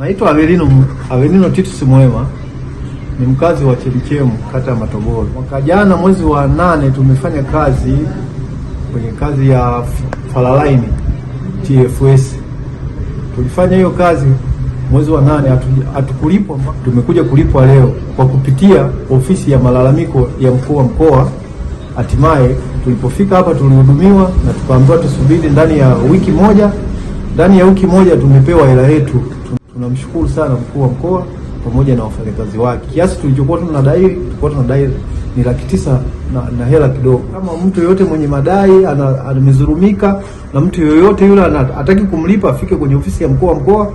Naitwa Avelino, Avelino Titus Mwema, ni mkazi wa Chemchemu kata ya Matogoro. Mwaka jana mwezi wa nane tumefanya kazi kwenye kazi ya Faralaini TFS. Tulifanya hiyo kazi mwezi wa nane, hatukulipwa atu, tumekuja kulipwa leo kwa kupitia ofisi ya malalamiko ya mkuu wa mkoa. Hatimaye tulipofika hapa tulihudumiwa na tukaambiwa tusubiri ndani ya wiki moja. Ndani ya wiki moja tumepewa hela yetu tunamshukuru sana mkuu wa mkoa pamoja na wafanyakazi wake. Kiasi tulichokuwa tunadai tulikuwa tunadai ni laki tisa na, na hela kidogo. Kama mtu yoyote mwenye madai amezurumika na mtu yoyote yule anataki kumlipa, afike kwenye ofisi ya mkuu wa mkoa,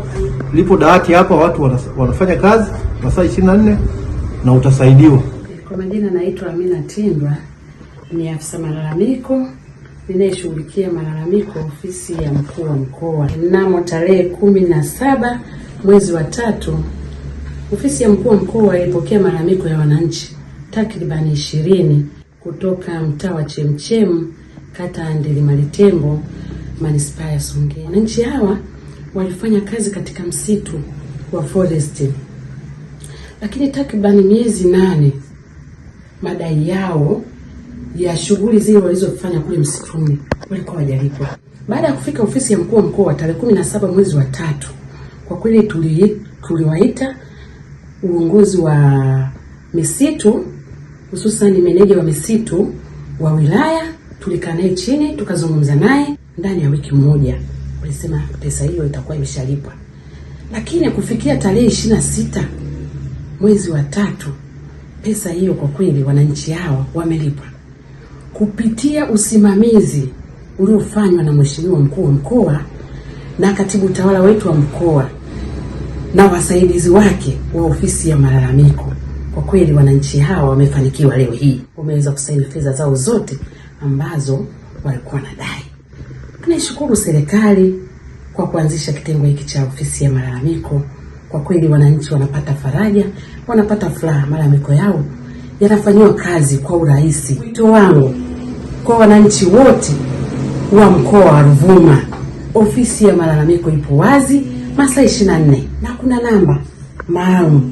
lipo dawati hapa, watu wanafanya kazi masaa 24 na utasaidiwa. Kwa majina naitwa Amina Tindwa, ni afisa malalamiko ninayeshughulikia malalamiko ofisi ya mkuu wa mkoa. Mnamo tarehe kumi na saba mwezi wa tatu, ofisi ya mkuu wa mkoa ilipokea malalamiko ya wananchi takribani ishirini kutoka mtaa wa Chemchem kata ya Ndelimalitengo manispaa ya Songea. Wananchi hawa walifanya kazi katika msitu wa forest, lakini takribani miezi nane madai yao ya shughuli zile walizofanya kule msituni walikuwa wajalipwa. Baada ya kufika ofisi ya mkuu wa mkoa tarehe 17 mwezi wa tatu kwa kweli tuli, tuliwaita uongozi wa misitu hususan meneja wa misitu wa wilaya, tulikaa naye chini tukazungumza naye. Ndani ya wiki moja ulisema pesa hiyo itakuwa imeshalipwa, lakini kufikia tarehe ishirina na sita mwezi wa tatu pesa hiyo kwa kweli wananchi hao wamelipwa kupitia usimamizi uliofanywa na mweshimiwa mkuu wa mkoa na katibu tawala wetu wa mkoa na wasaidizi wake wa ofisi ya malalamiko. Kwa kweli wananchi hawa wamefanikiwa leo hii, wameweza kusaini fedha zao zote ambazo walikuwa nadai. Tunaishukuru serikali kwa kuanzisha kitengo hiki cha ofisi ya malalamiko. Kwa kweli wananchi wanapata faraja, wanapata furaha, malalamiko yao yanafanyiwa kazi kwa urahisi. Wito wangu kwa wananchi wote wa mkoa wa Ruvuma Ofisi ya malalamiko ipo wazi masaa 24 na kuna namba maalum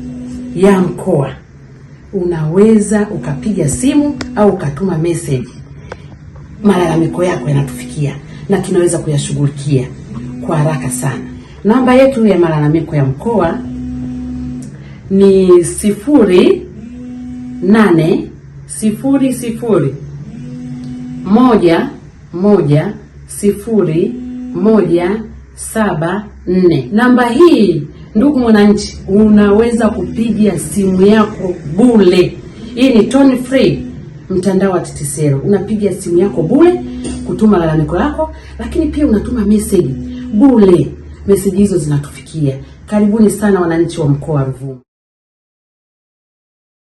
ya mkoa, unaweza ukapiga simu au ukatuma message. Malalamiko yako yanatufikia na tunaweza kuyashughulikia kwa haraka sana. Namba yetu ya malalamiko ya mkoa ni sifuri nane sifuri sifuri moja moja sifuri moja saba nne. Namba hii ndugu mwananchi, unaweza kupiga simu yako bule Hii ni tony free mtandao wa TTCL. Unapiga simu yako bule kutuma lalamiko lako, lakini pia unatuma message bule Message hizo zinatufikia. Karibuni sana wananchi wa mkoa wa Ruvuma.